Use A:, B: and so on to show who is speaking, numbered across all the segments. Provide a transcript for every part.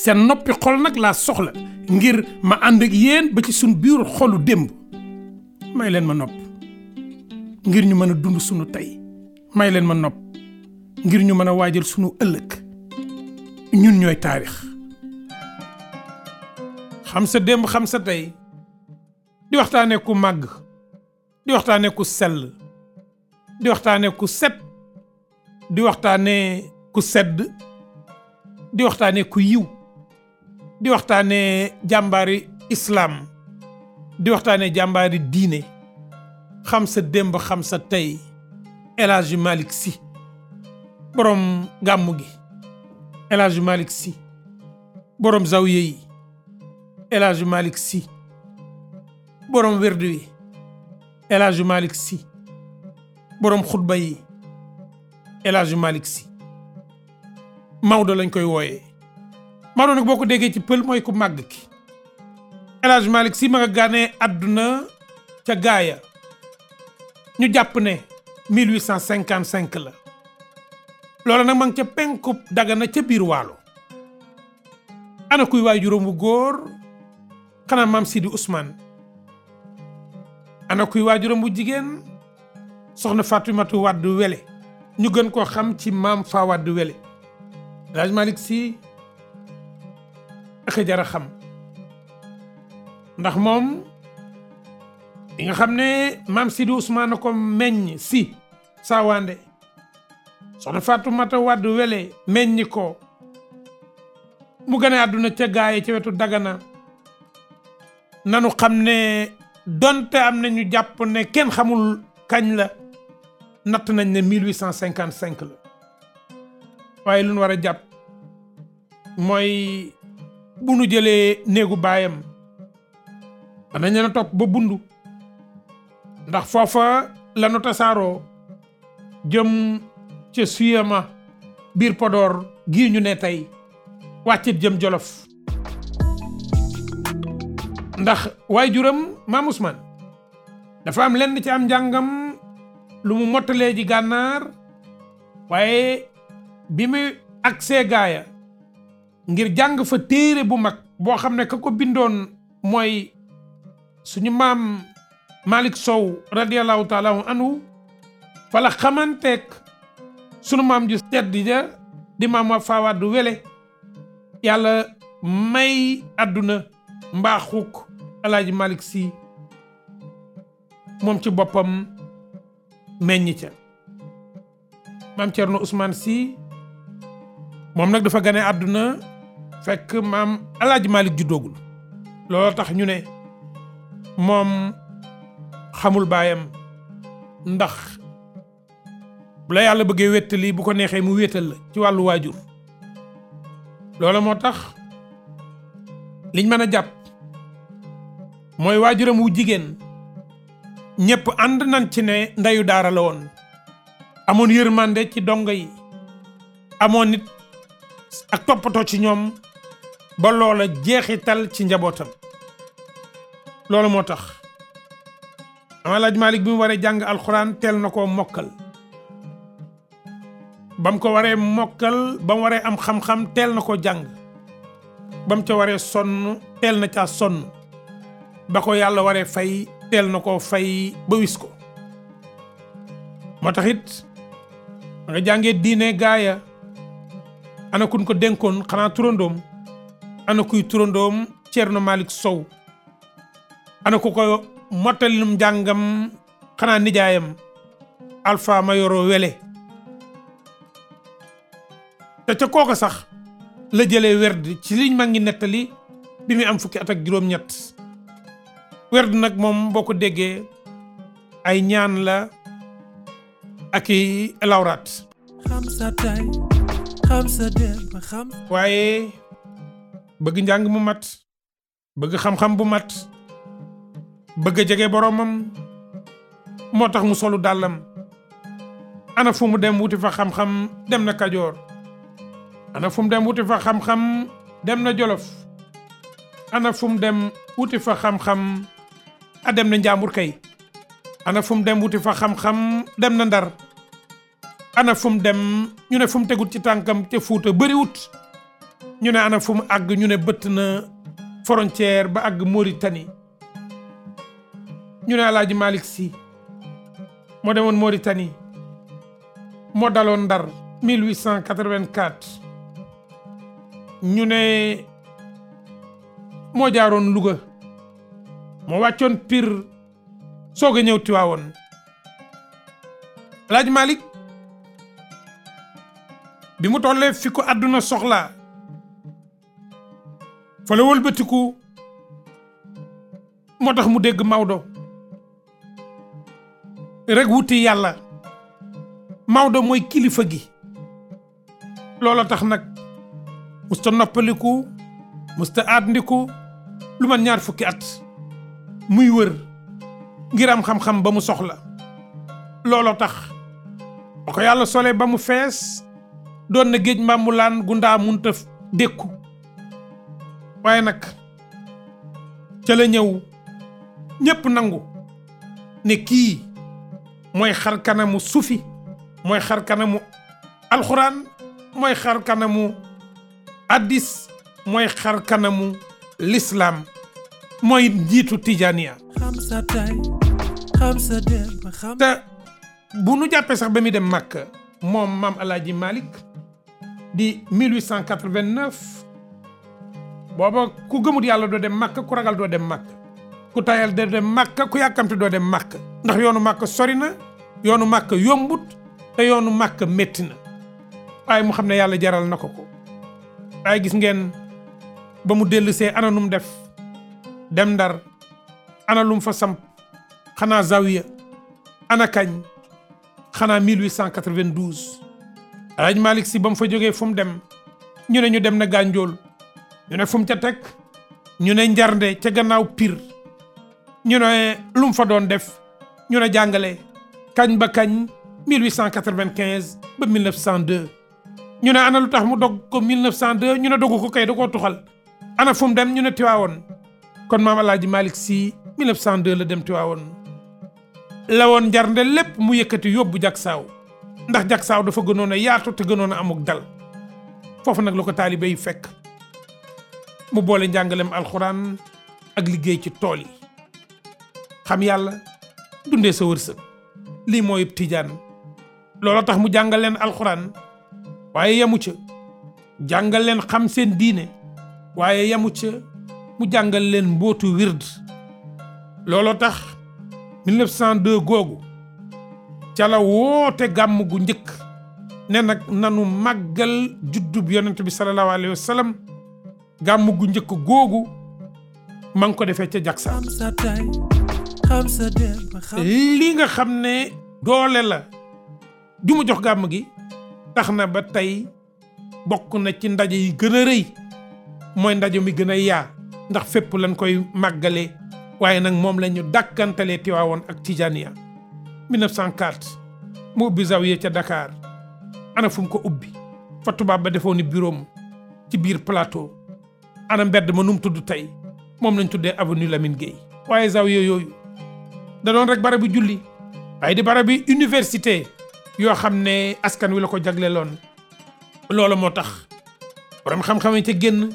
A: seen noppi xol nag laa soxla ngir ma ànd ak yéen ba ci suñ biir xolu démb may leen ma nopp ngir ñu mën a dund sunu tey may leen ma nopp ngir ñu mën a waajal sunu ëllëg ñun ñooy taarix xam sa démb xam sa tey di waxtaane ku màgg di waxtaane ku sell di waxtaane ku set di waxtaane ku sedd di waxtaane ku yiw di waxtaanee jàmbaari islam di waxtaanee jàmbaari diine xam sa démb xam sa tey El Hadj Malick Sy borom gàmmu gi El Hadj Malick borom zawiya yi El si Malick Sy borom werdu yi El Hadj borom xutba yi El Hadj Malick Maodo lañ koy wooyee. ma nag boo ko déggee ci pël mooy ku màgg ki El Hadj Malick si ma nga gànnee àdduna ca gaaya ñu jàpp ne la loolu nag ma ca penku Dagana ca biir Waalo ana kuy waay juróom wu góor xanaa maam Sidi Ousmane ana kuy waay juróom wu jigéen soxna Fatimatu Wàdd Wele ñu gën koo xam ci maam Fa Wàdd Wele El Hadj si ak a jar a xam ndax moom li nga xam ne maam Sidi Ousmane ko meññ si Sawande soxna Fatoumata Wade Wele meññi ko mu gën a àdduna ca gaaye ca wetu Dagana nanu xam ne donte am nañu ñu jàpp ne kenn xamul kañ la natt nañ ne 1855 la waaye lu ñu war jàpp mooy bu nu jëlee néegu baayam mën nañ leen topp ba bundu ndax foofa la nu jëm ca suyama biir Podor gi ñu ne tey wàccit jëm Jolof ndax waajuram maam Ousmane dafa am lenn ci am njàngam lu mu mottalee ji gànnaar waaye bi mu agsee gaaya ngir jàng fa téere bu mag boo xam ne ka ko bindoon mooy suñu maam Malick Sow radiallahu taala anhu fala xamanteeg sunu maam ju sedd ja di maam Fawadu Wele yàlla may àdduna mbaaxuk alaaji malik si moom ci boppam meññ ca maam Thierno Ousmane si moom nag dafa gane àdduna fekk maam alaaji Malick juddoogul looloo tax ñu ne moom xamul baayam ndax bu la yàlla bëggee wéttali bu ko neexee mu wéetal la ci wàllu waajur loola moo tax liñ mën a jàpp mooy waajuram wu jigéen ñëpp ànd nañ ci ne ndeyu daara la woon amoon yërmande ci dongo yi amoon nit ak toppatoo ci ñoom ba loola jeexital ci njabootam loolu moo tax ama laaj Malick bi mu waree jàng alxuraan teel na koo mokkal ba mu ko waree mokkal ba mu waree am xam-xam teel na ko jàng ba mu ca waree sonn teel na caa sonn ba ko yàlla waree fay teel na koo fay ba wis ko moo tax a nga jàngee diine gaaya ana kun ko dénkoon xanaa turandoom ana kuy turandoom Thierno Malick Sow ana ku ko mottalilum njàngam xanaa nijaayam Alpha Mayoro Wele te ca kooka sax la jële werd ci liñ ma ngi nettali bi muy am fukki at juróom-ñett werd nag moom boo ko déggee ay ñaan la ak lawraat waaye bëgg njàng mu mat bëgg xam-xam bu mat bëgg a jege boroomam moo tax mu solu dàllam ana fu mu dem wuti fa xam-xam dem na Kajoor ana fu dem wuti fa xam-xam dem na Jolof ana fu mu dem wuti fa xam-xam a dem na Njaambur kay ana fu mu dem wuti fa xam-xam dem na Ndar ana fu mu dem ñu ne fu mu tegut ci tànkam te Fuuta bariwut ñu ne ana fu mu àgg ñu ne bëtt na frontière ba àgg Mauritanie ñu ne Alaaji Malick si moo demoon Mauritanie moo daloon Ndar 1884 ñu ne moo jaaroon Louga moo wàccoon piir soog a ñëw Tiwaawoon Alaaji Malick bi mu tollee fi ko àdduna soxlaa fa la wëlbatiku moo tax mu dégg Maodo rek wuti yàlla Maodo mooy kilifa gi loola tax nag musta noppaliku musta aadndiku lu man ñaar fukki at muy wër ngir am xam-xam ba mu soxla looloo tax ba yàlla sole ba mu fees doon na géej mu laan gundaa munta dékku waaye nag ca ñëw ñépp nangu ne kii mooy xar kanamu sufi mooy xar kanamu alxuraan mooy xar kanamu addis mooy xar kanamu lislaam mooy njiitu tijaaniya te bu nu jàppee sax ba muy dem Màkk moom maam Alaaji Malik di 1889 booba ku gëmut yàlla doo dem màkk ku ragal doo dem màkk ku tayal doo dem màkk ku yàkkamte doo dem màkk ndax yoonu màkk sori na yoonu màkk yombut te yoonu màkk métti na waaye mu xam ne yàlla jaral na ko ko waaye gis ngeen ba mu dellu see ana num def dem ndar ana lum fa samp xanaa zawiya ana kañ xanaa 1892 Alaaji Malick si ba mu fa jógee fu mu dem ñu ne ñu dem na gànjool ñu ne fu mu ca teg ñu ne njarnde ca gannaaw piir ñu ne lu fa doon def ñu ne jàngale kañ ba kañ 1895 ba 1902 ñu ne ana lu tax mu dog ko 1902 ñu ne dogu ko kay da koo tuxal ana fu mu dem ñu ne Tiwaawoon kon maam Alaaji Malick Sy 1902 la dem Tiwaawoon la woon njarnde lépp mu yëkkati yóbbu jagsaaw ndax jagsaaw dafa gënoon a yaatu te gënoon a amuk dal foofu nag la ko taalibe yi fekk mu boole njàngaleem alxuraan ak liggéey ci tool yi xam yàlla dundee sa wërsëg lii mooy tijaan loola tax mu jàngal leen alxuraan waaye yamu ca jàngal leen xam seen diine waaye yamu ca mu jàngal leen mbootu wird looloo tax 1902 googu ca la woote gàmm gu njëkk ne nag nanu màggal juddub yonent bi sallallahu alayhi gàmm gu njëkk googu ma ngi ko defee ca Jaksa li nga xam ne doole la ju jox gàmm gi tax na ba tey bokk na ci ndaje yi gën a rëy mooy ndaje mi gën a yaa ndax fépp lañ koy màggale waaye nag moom la ñu dàkkantalee Tiwaawoon ak Tijaniya 1904 mu ubbi zawiya ca dakaar ana fu ko ubbi fa tubaab ba defoo ni bureau ci biir plateau ana mbedd ma nu tudd tey moom lañ tuddee avenue Lamine Gueye waaye zawiya yooyu da doon rek barabu julli waaye di barabu université yoo xam ne askan wi la ko jagle loon loolu moo tax borom xam-xam yi ci génn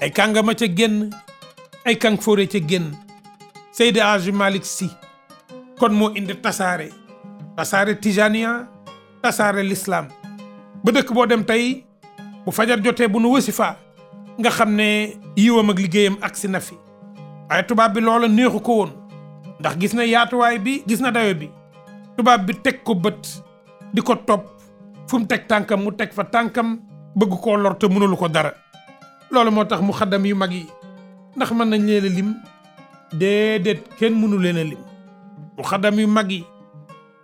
A: ay kàngama ca génn ay kàng fóore ca génn Seydi Hadji Malick si kon moo indi tasaare tasaare tijaniya tasaare l'islam ba dëkk boo dem tey bu fajar jotee bu nu wasifa nga xam ne yiwam ak liggéeyam agsi na fi waaye tubaab bi loola neexu ko woon ndax gis na yaatuwaay bi gis na dayo bi tubaab bi teg ko bët di ko topp fu mu teg tànkam mu teg fa tànkam bëgg ko lorte te mënulu ko dara loolu moo tax mu xaddam yu mag yi ndax mën nañ leen a lim déedéet kenn mënu leen lim mu xaddam yu mag yi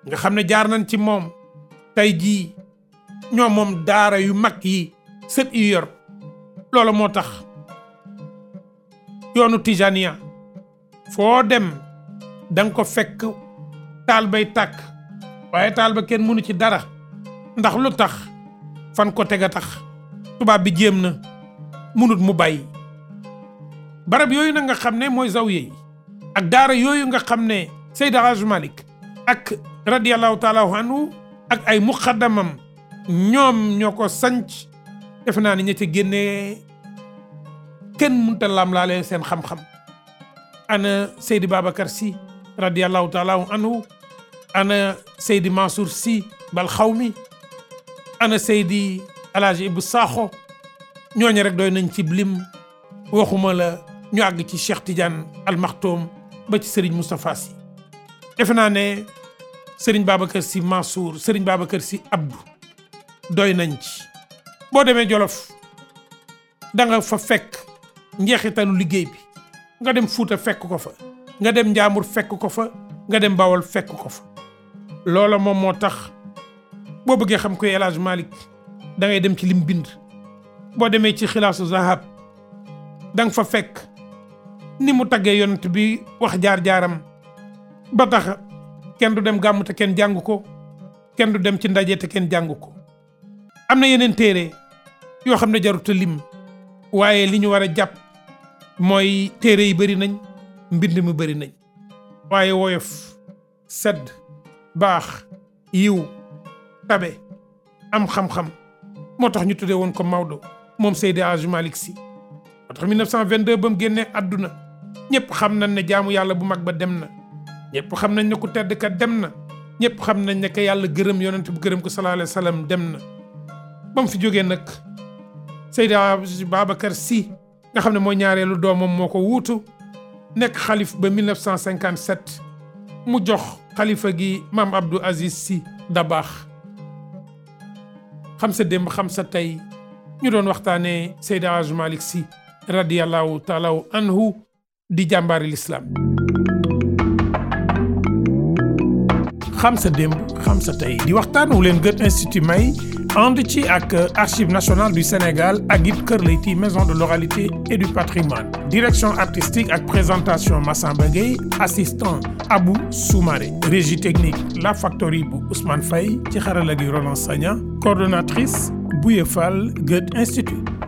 A: nga xam ne jaar nañ ci moom tey jii ñoom moom daara yu mag yi sët yu yor loola moo tax yoonu Tijaniya foo dem da ko fekk taal bay tàkk waaye taal ba kenn mënu ci dara ndax lu tax fan ko teg a tax tubaab bi jéem na mënut mu bàyyi barab yooyu na nga xam ne mooy saw yi ak daara yooyu nga xam ne Seydi ak radiyallahu taala anhu ak ay muqaddamam ñoom ñoo ko sanc defe naa ni ña ca génnee kenn mënta lamlaale seen xam-xam ana Seydi Babacar si radiyallahu taala anhu ana Seydi Mansour Sy bal xaw mi ana Seydi El Hadj Ibou Sakho ñooñu rek doy nañ ci lim waxuma la ñu àgg ci Cheikh Tidiane Al Maktoum ba ci Serigne Moustapha Sy defe naa ne Serigne Babacar Sy Mansour Serigne Babacar si Abdou doy nañ ci. boo demee Jolof danga nga fa fekk njeexitalu liggéey bi nga dem Fuuta fekk ko fa nga dem Njaambur fekk ko fa nga dem Bawol fekk ko fa loola moom moo tax boo bëggee xam ko El Hadj Malick da ngay dem ci lim bind boo demee ci xilaasu zahab da nga fa fekk ni mu taggee yonent bi wax jaar-jaaram ba tax kenn du dem gàmm kenn jàng ko kenn du dem ci ndaje kenn jàng ko am na yeneen téere yoo xam ne jaruta lim waaye li ñu war a jàpp mooy téere yi bëri nañ mbind mi bëri nañ waaye woyof sedd baax yiw tabe am xam-xam moo tax ñu tuddee woon ko Maodo moom Seydi Hadji Malick Sy moo tax 1922 ba mu génnee àdduna ñëpp xam nañ ne jaamu yàlla bu mag ba dem na ñëpp xam nañ ne ku tedd ka dem na ñëpp xam nañ ne ka yàlla gërëm yonent bu gërëm ko sallallahu alayhi dem na ba mu fi jógee nag Seyda Babacar Sy nga xam ne mooy ñaareelu doomam moo ko wuutu nekk xalif ba 1957 mu jox xalifa gi maam Abdou Aziz Sy Dabaax xam sa démb xam sa tey ñu doon waxtaanee Seyda Hadj Malick Sy radiyallahu taala anhu di jàmbaari lislaam xam sa démb xam sa tey di waxtaan wu leen Goethe Institut may ànd ci ak archives national du Sénégal ak it Kër Leyti maison de l'oralité et du patrimoine direction artistique ak présentation Massamba Gueye assistant Abou Soumaré régie technique La Factory bu Ousmane Faye ci xarala gi Roland Sagna coordonnatrice Bouye Fall Goethe Institut